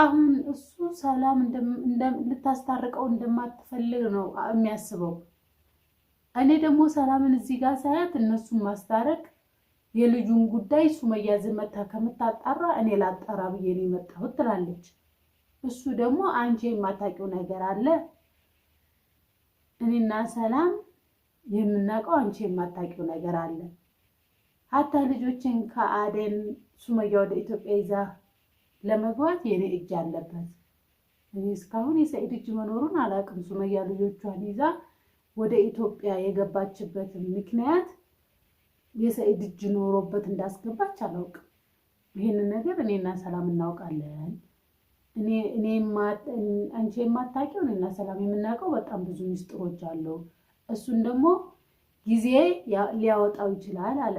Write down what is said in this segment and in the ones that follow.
አሁን እሱ ሰላም ልታስታርቀው እንደማትፈልግ ነው የሚያስበው። እኔ ደግሞ ሰላምን እዚህ ጋር ሳያት እነሱን ማስታረቅ የልጁን ጉዳይ ሱመያ መታ ከምታጣራ እኔ ላጣራ ብዬ ነው የመጣሁት ትላለች። እሱ ደግሞ አንቺ የማታውቂው ነገር አለ። እኔና ሰላም የምናውቀው አንቺ የማታውቂው ነገር አለ። ሀታ ልጆችን ከአደን ሱመያ ወደ ኢትዮጵያ ይዛ ለመግባት የኔ እጅ አለበት። እኔ እስካሁን የሰኢድ እጅ መኖሩን አላውቅም። ሱመያ ልጆቿን ይዛ ወደ ኢትዮጵያ የገባችበትን ምክንያት የሰኢድ እጅ ኖሮበት እንዳስገባች አላውቅም። ይህንን ነገር እኔና ሰላም እናውቃለን። አንቺ የማታውቂው እኔና ሰላም የምናውቀው በጣም ብዙ ምስጥሮች አለው። እሱን ደግሞ ጊዜ ሊያወጣው ይችላል አለ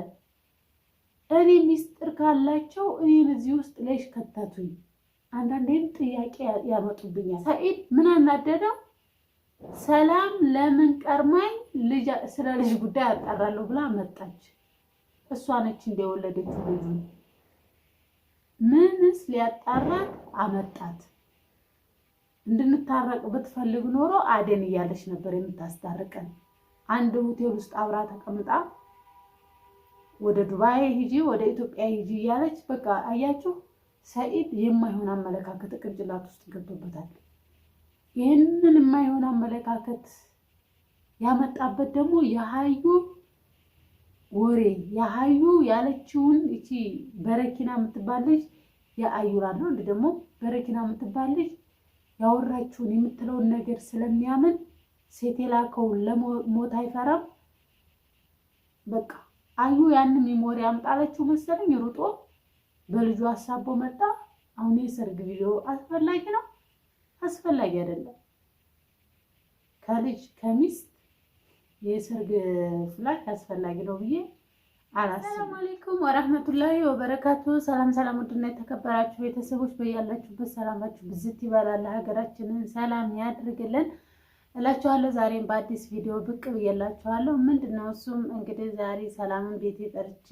እኔ ሚስጥር ካላቸው እኔን እዚህ ውስጥ ላይሽ ከተቱኝ። አንዳንዴም ጥያቄ ያመጡብኛል። ሰኢድ ምን አናደደው? ሰላም ለምን ቀርማኝ ስለ ልጅ ጉዳይ አጣራለሁ ብላ መጣች። እሷ ነች እንደወለደች ልጁን። ምንስ ሊያጣራት አመጣት? እንድንታረቅ ብትፈልግ ኖሮ አደን እያለች ነበር የምታስታርቀን። አንድ ሆቴል ውስጥ አብራ ተቀምጣ ወደ ዱባይ ሂጂ፣ ወደ ኢትዮጵያ ሂጂ እያለች በቃ አያችሁ፣ ሰኢድ የማይሆን አመለካከት ቅንጭላት ውስጥ ገብቶበታል። ይህንን የማይሆን አመለካከት ያመጣበት ደግሞ የሀዩ ወሬ የሀዩ ያለችውን እቺ በረኪና የምትባል ልጅ የአዩራ ነው እንዲ ደግሞ በረኪና የምትባል ልጅ ያወራችውን የምትለውን ነገር ስለሚያምን ሴት የላከውን ለሞት አይፈራም በቃ አዩ ያን ሜሞሪ አምጣለችው መሰለኝ ሩጦ በልጁ አሳቦ መጣ። አሁን የሰርግ ቪዲዮ አስፈላጊ ነው አስፈላጊ አይደለም? ከልጅ ከሚስት የሰርግ ፍላሽ አስፈላጊ ነው ብዬ አሰላሙ አለይኩም ወራህመቱላሂ ወበረካቱ። ሰላም ሰላም፣ ውድና የተከበራችሁ ቤተሰቦች በያላችሁበት ሰላማችሁ ብዝት ይበላል። ሀገራችንን ሰላም ያድርግልን። እላችኋለሁ ዛሬም በአዲስ ቪዲዮ ብቅ ብዬላችኋለሁ። ምንድነው እሱም እንግዲህ ዛሬ ሰላምን ቤቴ ጠርቼ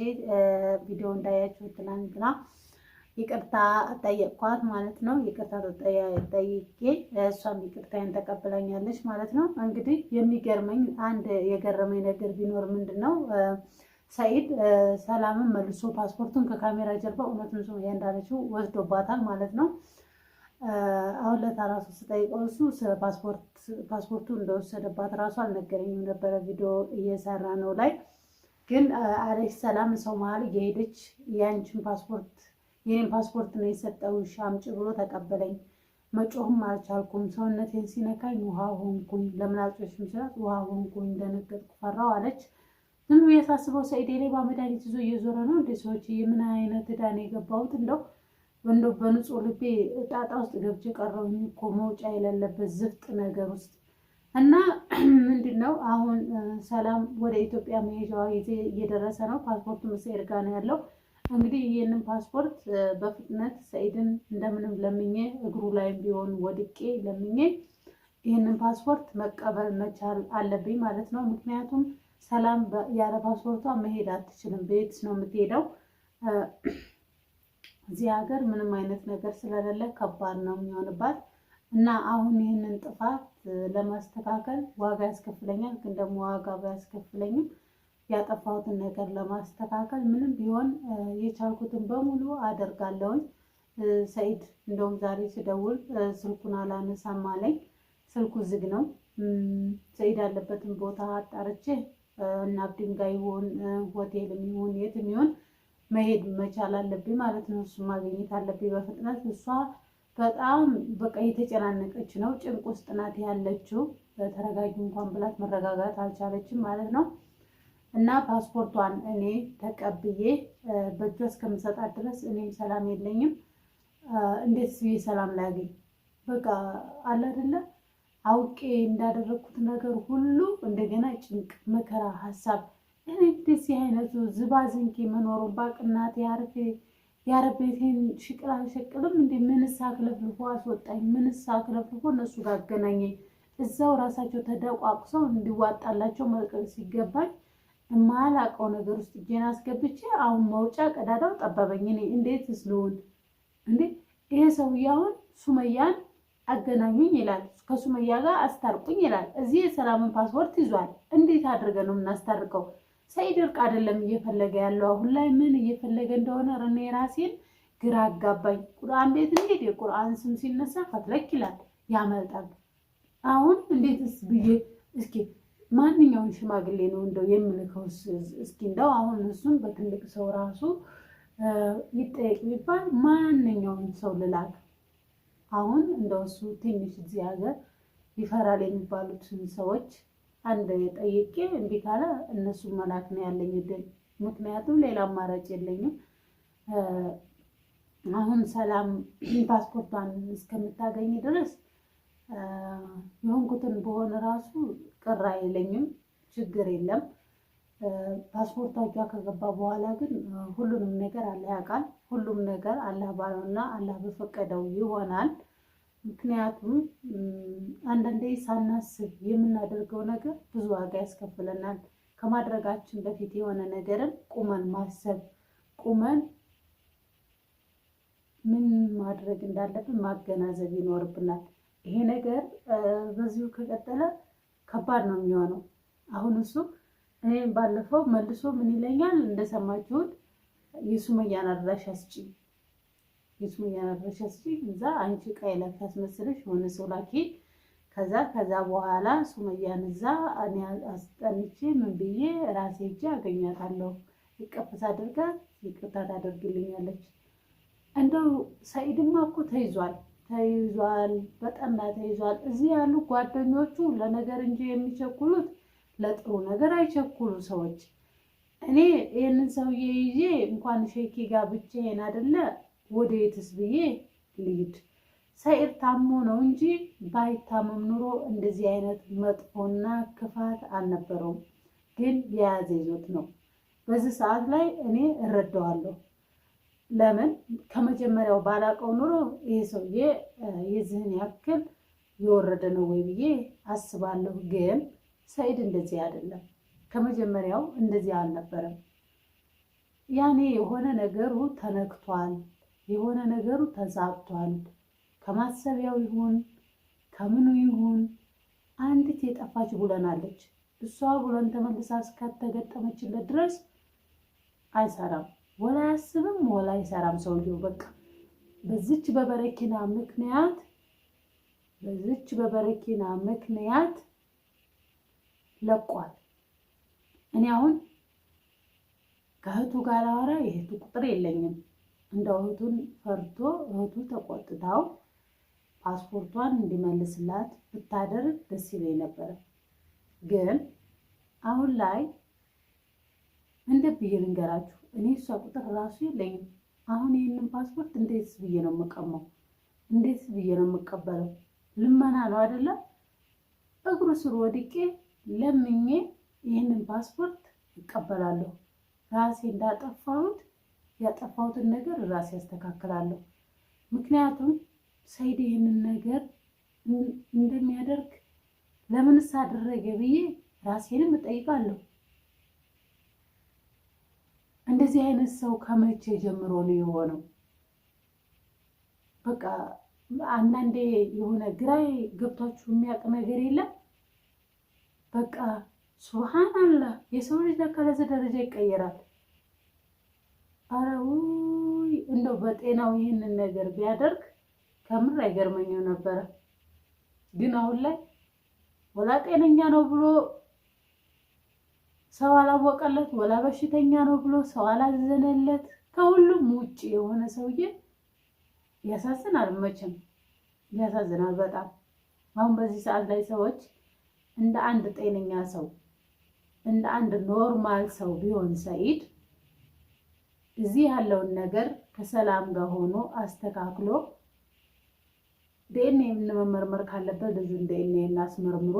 ቪዲዮ እንዳያችሁ ትላንትና ይቅርታ ጠየቅኳት ማለት ነው። ይቅርታ ጠይቄ እሷም ይቅርታዬን ተቀብላኛለች ማለት ነው። እንግዲህ የሚገርመኝ አንድ የገረመኝ ነገር ቢኖር ምንድን ነው ሰኢድ ሰላምን መልሶ ፓስፖርቱን ከካሜራ ጀርባ እውነቱን እንዳለችው ወስዶባታል ማለት ነው። አሁን ለታ ራሱ ስጠይቀው እሱ ፓስፖርቱ እንደወሰደባት ራሱ አልነገረኝም ነበረ። ቪዲዮ እየሰራ ነው ላይ ግን አለች ሰላም ሰው መሀል እየሄደች የአንቺን ፓስፖርት የኔን ፓስፖርት ነው የሰጠውሽ አምጪ ብሎ ተቀበለኝ። መጮህም አልቻልኩም። ሰውነቴን ሲነካኝ ውሃ ሆንኩኝ። ለምን አልጮሽም ስላት ውሃ ሆንኩኝ፣ ደነገጥኩ፣ ፈራው አለች። ዝም ብዬ ሳስበው ሰኢዴ ሌባ መድኃኒት ይዞ እየዞረ ነው እንደ ሰዎች የምን አይነት ዕዳ ነው የገባሁት እንደው ወንዶ በንጹህ ልቤ ጣጣ ውስጥ ገብቼ ቀረውኝ እኮ መውጫ የሌለበት ዝፍጥ ነገር ውስጥ እና ምንድን ነው አሁን ሰላም ወደ ኢትዮጵያ መሄጃዋ ጊዜ እየደረሰ ነው። ፓስፖርቱ መሰሄድ ጋር ነው ያለው። እንግዲህ ይህንን ፓስፖርት በፍጥነት ሰኢድን እንደምንም ለምኜ እግሩ ላይም ቢሆን ወድቄ ለምኜ ይህንን ፓስፖርት መቀበል መቻል አለብኝ ማለት ነው። ምክንያቱም ሰላም ያለ ፓስፖርቷ መሄድ አትችልም። ቤት ነው የምትሄደው። እዚህ ሀገር ምንም አይነት ነገር ስለሌለ ከባድ ነው የሚሆንባት እና አሁን ይህንን ጥፋት ለማስተካከል ዋጋ ያስከፍለኛል፣ ግን ደግሞ ዋጋ ባያስከፍለኝም ያጠፋሁትን ነገር ለማስተካከል ምንም ቢሆን የቻልኩትን በሙሉ አደርጋለሁኝ። ሰኢድ እንደውም ዛሬ ስደውል ስልኩን አላነሳም አለኝ። ስልኩ ዝግ ነው። ሰኢድ ያለበትን ቦታ አጣርቼ እና ሆን ሆቴልም ይሆን የትም ይሆን መሄድ መቻል አለብኝ ማለት ነው። እሱ ማግኘት አለብኝ በፍጥነት። እሷ በጣም በቃ የተጨናነቀች ነው፣ ጭንቅ ውስጥ ናት ያለችው። ተረጋጊ እንኳን ብላት መረጋጋት አልቻለችም ማለት ነው። እና ፓስፖርቷን እኔ ተቀብዬ በእጇ እስከምሰጣት ድረስ እኔም ሰላም የለኝም። እንዴት ስዬ ሰላም ላያገኝ በቃ አለ አይደለ አውቄ እንዳደረግኩት ነገር ሁሉ እንደገና ጭንቅ፣ መከራ፣ ሀሳብ እኔ እንደዚህ አይነቱ ዝባዝንኬ መኖሩን ባቅ እናቴ ያርፌ ያረቤቴን ሽቅል አልሸቅልም እንዴ? ምንስ አክለፍልፎ አስወጣኝ? ምንስ አክለፍልፎ እነሱ ጋር አገናኘኝ? እዛው ራሳቸው ተደቋቁሰው እንዲዋጣላቸው መልቀቅ ሲገባኝ የማላውቀው ነገር ውስጥ እጄን አስገብቼ አሁን መውጫ ቀዳዳው ጠበበኝ። እኔ እንዴት ስለሆን እንዴ ይሄ ሰውዬ አሁን ሱመያን አገናኙኝ ይላል፣ ከሱመያ ጋር አስታርቁኝ ይላል። እዚህ የሰላምን ፓስፖርት ይዟል። እንዴት አድርገ ነው የምናስታርቀው? ሰይድ እርቅ አይደለም እየፈለገ ያለው አሁን ላይ ምን እየፈለገ እንደሆነ እኔ ራሴን ግራ አጋባኝ። ቁርአን ቤት እንዴት የቁርአን ስም ሲነሳ ፈትለክ ይላል ያመልጣል። አሁን እንዴትስ ብዬ እስኪ ማንኛውን ሽማግሌ ነው እንደው የምልከው? እስኪ እንደው አሁን እሱም በትልቅ ሰው ራሱ ይጠየቅ ቢባል ማንኛውን ሰው ልላክ? አሁን እንደው እሱ ትንሽ እዚህ ሀገር ይፈራል የሚባሉትን ሰዎች አንድ ጠይቄ እምቢ ካለ እነሱን መላክ ነው ያለኝ እድል። ምክንያቱም ሌላ አማራጭ የለኝም። አሁን ሰላም ፓስፖርቷን እስከምታገኝ ድረስ የሆንኩትን በሆነ ራሱ ቅር አይለኝም፣ ችግር የለም። ፓስፖርታቿ ከገባ በኋላ ግን ሁሉንም ነገር አላህ ያውቃል። ሁሉም ነገር አላህ ባለውና አላህ በፈቀደው ይሆናል። ምክንያቱም አንዳንዴ ሳናስብ የምናደርገው ነገር ብዙ ዋጋ ያስከፍለናል። ከማድረጋችን በፊት የሆነ ነገርን ቁመን ማሰብ ቁመን ምን ማድረግ እንዳለብን ማገናዘብ ይኖርብናል። ይሄ ነገር በዚሁ ከቀጠለ ከባድ ነው የሚሆነው። አሁን እሱ እኔ ባለፈው መልሶ ምን ይለኛል እንደሰማችሁት የሱመያን አድራሻ ስጪኝ የሱመያ መድረሻ እዛ አንቺ ዕቃ የላካት መስለሽ የሆነ ሰው ላኪ። ከዛ ከዛ በኋላ ሱመያን እዛ እኔ አስጠንቼ ምን ብዬ ራሴ እጅ አገኛታለሁ። ይቀፍስ አድርጋ ይቅርታ ታደርግልኛለች። እንደው ሰኢድማ እኮ ተይዟል ተይዟል፣ በጠና ተይዟል። እዚህ ያሉ ጓደኞቹ ለነገር እንጂ የሚቸኩሉት ለጥሩ ነገር አይቸኩሉ ሰዎች። እኔ ይህንን ሰውዬ ይዤ እንኳን ሼኪ ጋር ብቻዬን አይደለ ወደ የትስ ብዬ ልሂድ? ሰኢድ ታሞ ነው እንጂ ባይታመም ኑሮ እንደዚህ አይነት መጥፎና ክፋት አልነበረውም። ግን የያዘ ይዞት ነው። በዚህ ሰዓት ላይ እኔ እረዳዋለሁ። ለምን ከመጀመሪያው ባላቀው ኑሮ ይሄ ሰውዬ የዚህን ያክል የወረደ ነው ወይ ብዬ አስባለሁ። ግን ሰኢድ እንደዚህ አይደለም። ከመጀመሪያው እንደዚህ አልነበረም። ያኔ የሆነ ነገሩ ተነክቷል የሆነ ነገሩ ተዛብቷል። ከማሰቢያው ይሁን ከምኑ ይሁን አንዲት የጠፋች ብለናለች። አለች። እሷ ብለን ተመልሳ እስካተገጠመችለት ድረስ አይሰራም፣ ወላ አያስብም፣ ወላ አይሰራም። ሰውየው በቃ በዚች በበረኪና ምክንያት በዚች በበረኪና ምክንያት ለቋል። እኔ አሁን ከእህቱ ጋር ላወራ የእህቱ ቁጥር የለኝም። እንደ እህቱን ፈርቶ እህቱ ተቆጥታው ፓስፖርቷን እንዲመልስላት ብታደርግ ደስ ይለኝ ነበረ። ግን አሁን ላይ እንደ ብዬ ልንገራችሁ? እኔ እሷ ቁጥር ራሱ የለኝም። አሁን ይህንን ፓስፖርት እንዴትስ ብዬ ነው የምቀመው? እንዴትስ ብዬ ነው የምቀበለው? ልመና ነው አይደለም? እግሩ ስር ወድቄ ለምኜ ይህንን ፓስፖርት ይቀበላለሁ ራሴ እንዳጠፋሁት ያጠፋሁትን ነገር ራሴ ያስተካክላለሁ። ምክንያቱም ሰይድ ይህንን ነገር እንደሚያደርግ ለምንስ አደረገ ብዬ ራሴንም እጠይቃለሁ። እንደዚህ አይነት ሰው ከመቼ ጀምሮ ነው የሆነው? በቃ አንዳንዴ የሆነ ግራይ ገብቷችሁ የሚያውቅ ነገር የለም። በቃ ሱብሃን አላህ የሰው ልጅ ለካ ለዚህ ደረጃ ይቀየራል። አረ ውይ እንደው በጤናው ይህንን ነገር ቢያደርግ ከምር አይገርመኝም ነበረ። ግን አሁን ላይ ወላ ጤነኛ ነው ብሎ ሰው አላወቀለት፣ ወላ በሽተኛ ነው ብሎ ሰው አላዘነለት፣ ከሁሉም ውጭ የሆነ ሰውዬ ያሳዝናል። መቼም ያሳዝናል በጣም አሁን በዚህ ሰዓት ላይ ሰዎች እንደ አንድ ጤነኛ ሰው እንደ አንድ ኖርማል ሰው ቢሆን ሰኢድ እዚህ ያለውን ነገር ከሰላም ጋር ሆኖ አስተካክሎ ዲኤንኤ መመርመር ካለበት ልጁን ዲኤንኤ አስመርምሮ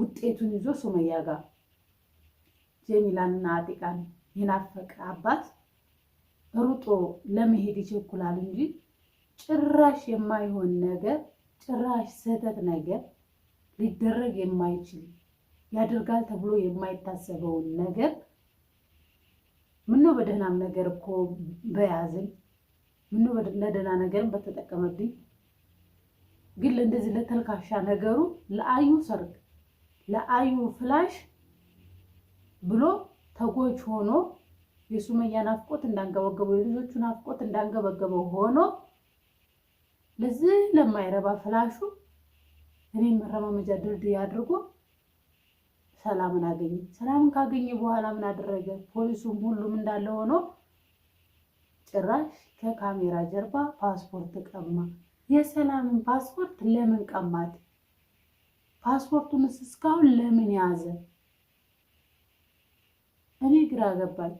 ውጤቱን ይዞ ሱመያ ጋር ጀሚላንና አጢቃን የናፈቀ አባት ሩጦ ለመሄድ ይቸኩላል እንጂ ጭራሽ የማይሆን ነገር ጭራሽ ስህተት ነገር ሊደረግ የማይችል ያደርጋል ተብሎ የማይታሰበውን ነገር ምነው በደህናም ነገር እኮ በያዘኝ፣ ምነው ለደህና ነገርም በተጠቀመብኝ። ግን ለእንደዚህ ለተልካሻ ነገሩ ለአዩ ሰርግ ለአዩ ፍላሽ ብሎ ተጎጅ ሆኖ የሱመያ ናፍቆት እንዳንገበገበው የልጆቹ ናፍቆት እንዳንገበገበው ሆኖ ለዚህ ለማይረባ ፍላሹ እኔ መረማመጃ ድልድይ አድርጎ ሰላምን አገኘ። ሰላምን ካገኘ በኋላ ምን አደረገ? ፖሊሱም ሁሉም እንዳለ ሆኖ ጭራሽ ከካሜራ ጀርባ ፓስፖርት ቀማ። የሰላምን ፓስፖርት ለምን ቀማት? ፓስፖርቱንስ እስካሁን ለምን ያዘ? እኔ ግራ ገባኝ።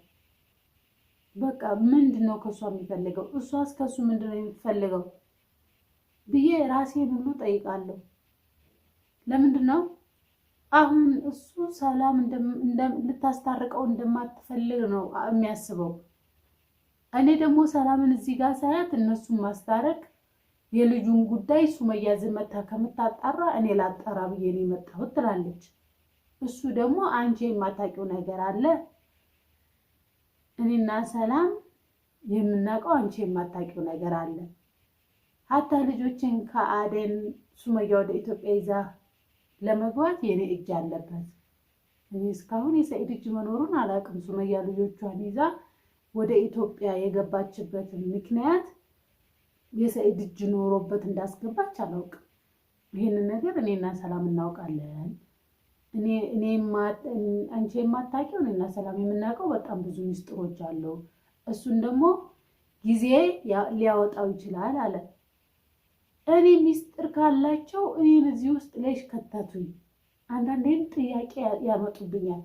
በቃ ምንድን ነው ከእሷ የሚፈልገው? እሷስ ከእሱ ምንድን ነው የምትፈልገው ብዬ ራሴን ሁሉ ጠይቃለሁ። ለምንድን ነው አሁን እሱ ሰላም ልታስታርቀው እንደማትፈልግ ነው የሚያስበው። እኔ ደግሞ ሰላምን እዚህ ጋር ሳያት እነሱን ማስታረቅ የልጁን ጉዳይ ሱመያ ዝመታ መታ ከምታጣራ እኔ ላጣራ ብዬ ነው የመጣሁት ትላለች። እሱ ደግሞ አንቺ የማታውቂው ነገር አለ፣ እኔና ሰላም የምናውቀው አንቺ የማታውቂው ነገር አለ። ሀታ ልጆችን ከአደን ሱመያ ወደ ኢትዮጵያ ይዛ ለመግባት የኔ እጅ አለበት። እኔ እስካሁን የሰኢድ እጅ መኖሩን አላውቅም። ሱመያ ልጆቿን ይዛ ወደ ኢትዮጵያ የገባችበትን ምክንያት የሰኢድ እጅ ኖሮበት እንዳስገባች አላውቅም። ይህንን ነገር እኔና ሰላም እናውቃለን። አንቺ የማታውቂው እኔና ሰላም የምናውቀው በጣም ብዙ ሚስጥሮች አለው። እሱን ደግሞ ጊዜ ሊያወጣው ይችላል አለ እኔ ሚስጥር ካላቸው እኔን እዚህ ውስጥ ለሽ ከተቱኝ። አንዳንዴም ጥያቄ ያመጡብኛል።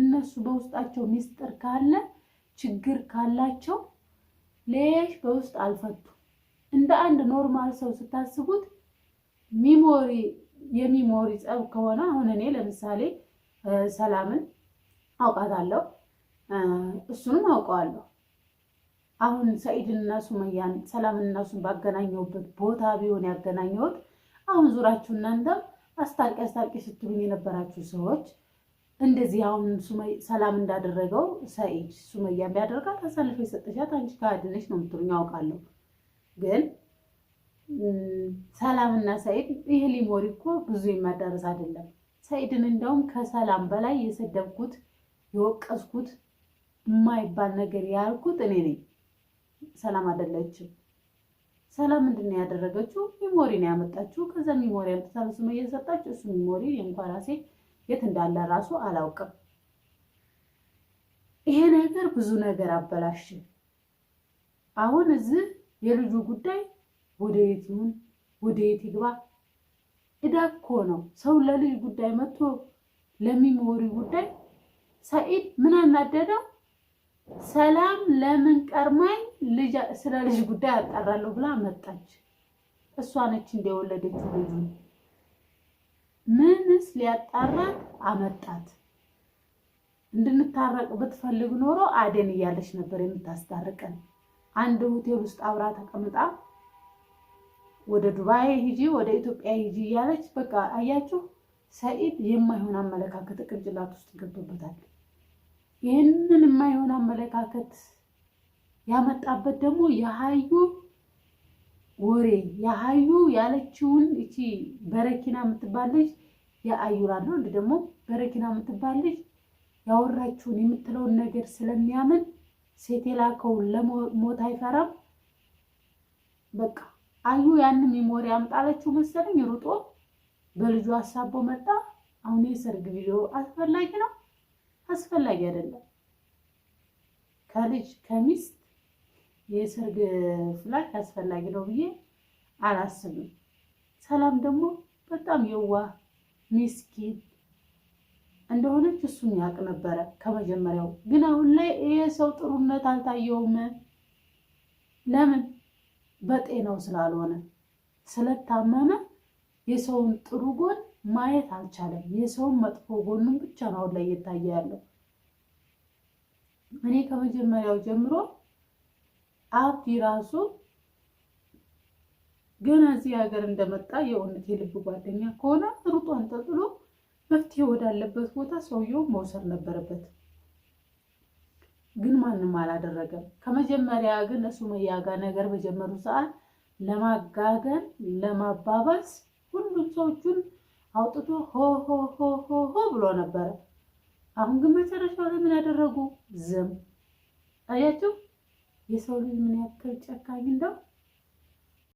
እነሱ በውስጣቸው ሚስጥር ካለ ችግር ካላቸው ለሽ በውስጥ አልፈቱ። እንደ አንድ ኖርማል ሰው ስታስቡት ሚሞሪ የሚሞሪ ጸብ ከሆነ አሁን እኔ ለምሳሌ ሰላምን አውቃታለሁ፣ እሱንም አውቀዋለሁ አሁን ሰኢድንና ሱመያን ሰላምና እሱን ባገናኘሁበት ቦታ ቢሆን ያገናኘሁት አሁን ዙራችሁ እናንተም አስታርቂ አስታርቂ ስትሉኝ የነበራችሁ ሰዎች እንደዚህ አሁን ሰላም እንዳደረገው ሰኢድ ሱመያን ቢያደርጋት አሳልፎ የሰጠሻት አንቺ ከአድነሽ ነው የምትሉኝ አውቃለሁ። ግን ሰላምና ሰኢድ ይሄ ሊሞሪ እኮ ብዙ የሚያዳርስ አይደለም። ሰኢድን እንደውም ከሰላም በላይ የሰደብኩት የወቀስኩት የማይባል ነገር ያልኩት እኔ ነኝ። ሰላም አይደለችም። ሰላም ምንድን ነው ያደረገችው? ሚሞሪ ነው ያመጣችው። ከዛ ሚሞሪ አምጥታ ለሱመ እየሰጣች እሱ ሚሞሪ የእንኳ ራሴ የት እንዳለ ራሱ አላውቅም። ይሄ ነገር ብዙ ነገር አበላሽ። አሁን እዚህ የልጁ ጉዳይ ወደ የት ይሁን ወደ የት ይግባ? እዳ እኮ ነው ሰው ለልጅ ጉዳይ መጥቶ ለሚሞሪ ጉዳይ ሰኢድ ምን አናደደው? ሰላም ለምን ቀርማኝ ስለ ልጅ ጉዳይ አጣራለሁ ብላ መጣች። እሷ ነች እንደወለደችው ልጁን። ምንስ ሊያጣራት አመጣት? እንድንታረቅ ብትፈልግ ኖሮ አደን እያለች ነበር የምታስታርቀን። አንድ ሆቴል ውስጥ አብራ ተቀምጣ ወደ ዱባይ ሂጂ፣ ወደ ኢትዮጵያ ሂጂ እያለች በቃ አያችሁ፣ ሰኢድ የማይሆን አመለካከት ቅንጭላት ውስጥ ገብቶበታል። ይህንን የማይሆን አመለካከት ያመጣበት ደግሞ የሀዩ ወሬ የሀዩ ያለችውን እቺ በረኪና የምትባል ልጅ የአዩራ ነው እንዲ ደግሞ በረኪና የምትባል ልጅ ያወራችውን የምትለውን ነገር ስለሚያምን ሴት የላከውን ለሞት አይፈራም። በቃ አዩ ያንም ሚሞሪ አምጣለችው መሰለኝ ሩጦ በልጁ አሳቦ መጣ። አሁን የሰርግ ቪዲዮ አስፈላጊ ነው። አስፈላጊ አይደለም። ከልጅ ከሚስት የሰርግ ፍላሽ አስፈላጊ ነው ብዬ አላስብም። ሰላም ደግሞ በጣም የዋ ሚስኪን እንደሆነች እሱም ያውቅ ነበረ ከመጀመሪያው። ግን አሁን ላይ ይሄ ሰው ጥሩነት አልታየውም። ለምን? በጤናው ስላልሆነ ስለታመመ የሰውን ጥሩ ጎን ማየት አልቻለም። የሰውን መጥፎ ጎኑን ብቻ ነው አሁን ላይ እየታየ ያለው። እኔ ከመጀመሪያው ጀምሮ አብዲ ራሱ ገና እዚህ ሀገር እንደመጣ የእውነት የልብ ጓደኛ ከሆነ ሩጦ ተጥሎ መፍትሄ ወዳለበት ቦታ ሰውየው መውሰድ ነበረበት። ግን ማንም አላደረገም። ከመጀመሪያ ግን ሱመያ ጋር ነገር በጀመሩ ሰዓት ለማጋገን ለማባባስ ሁሉም ሰዎቹን አውጥቶ ሆ ሆ ሆ ሆ ሆ ብሎ ነበረ። አሁን ግን መጨረሻው ላይ ምን ያደረጉ? ዝም አያችሁ። የሰው ልጅ ምን ያክል ጨካኝ እንደው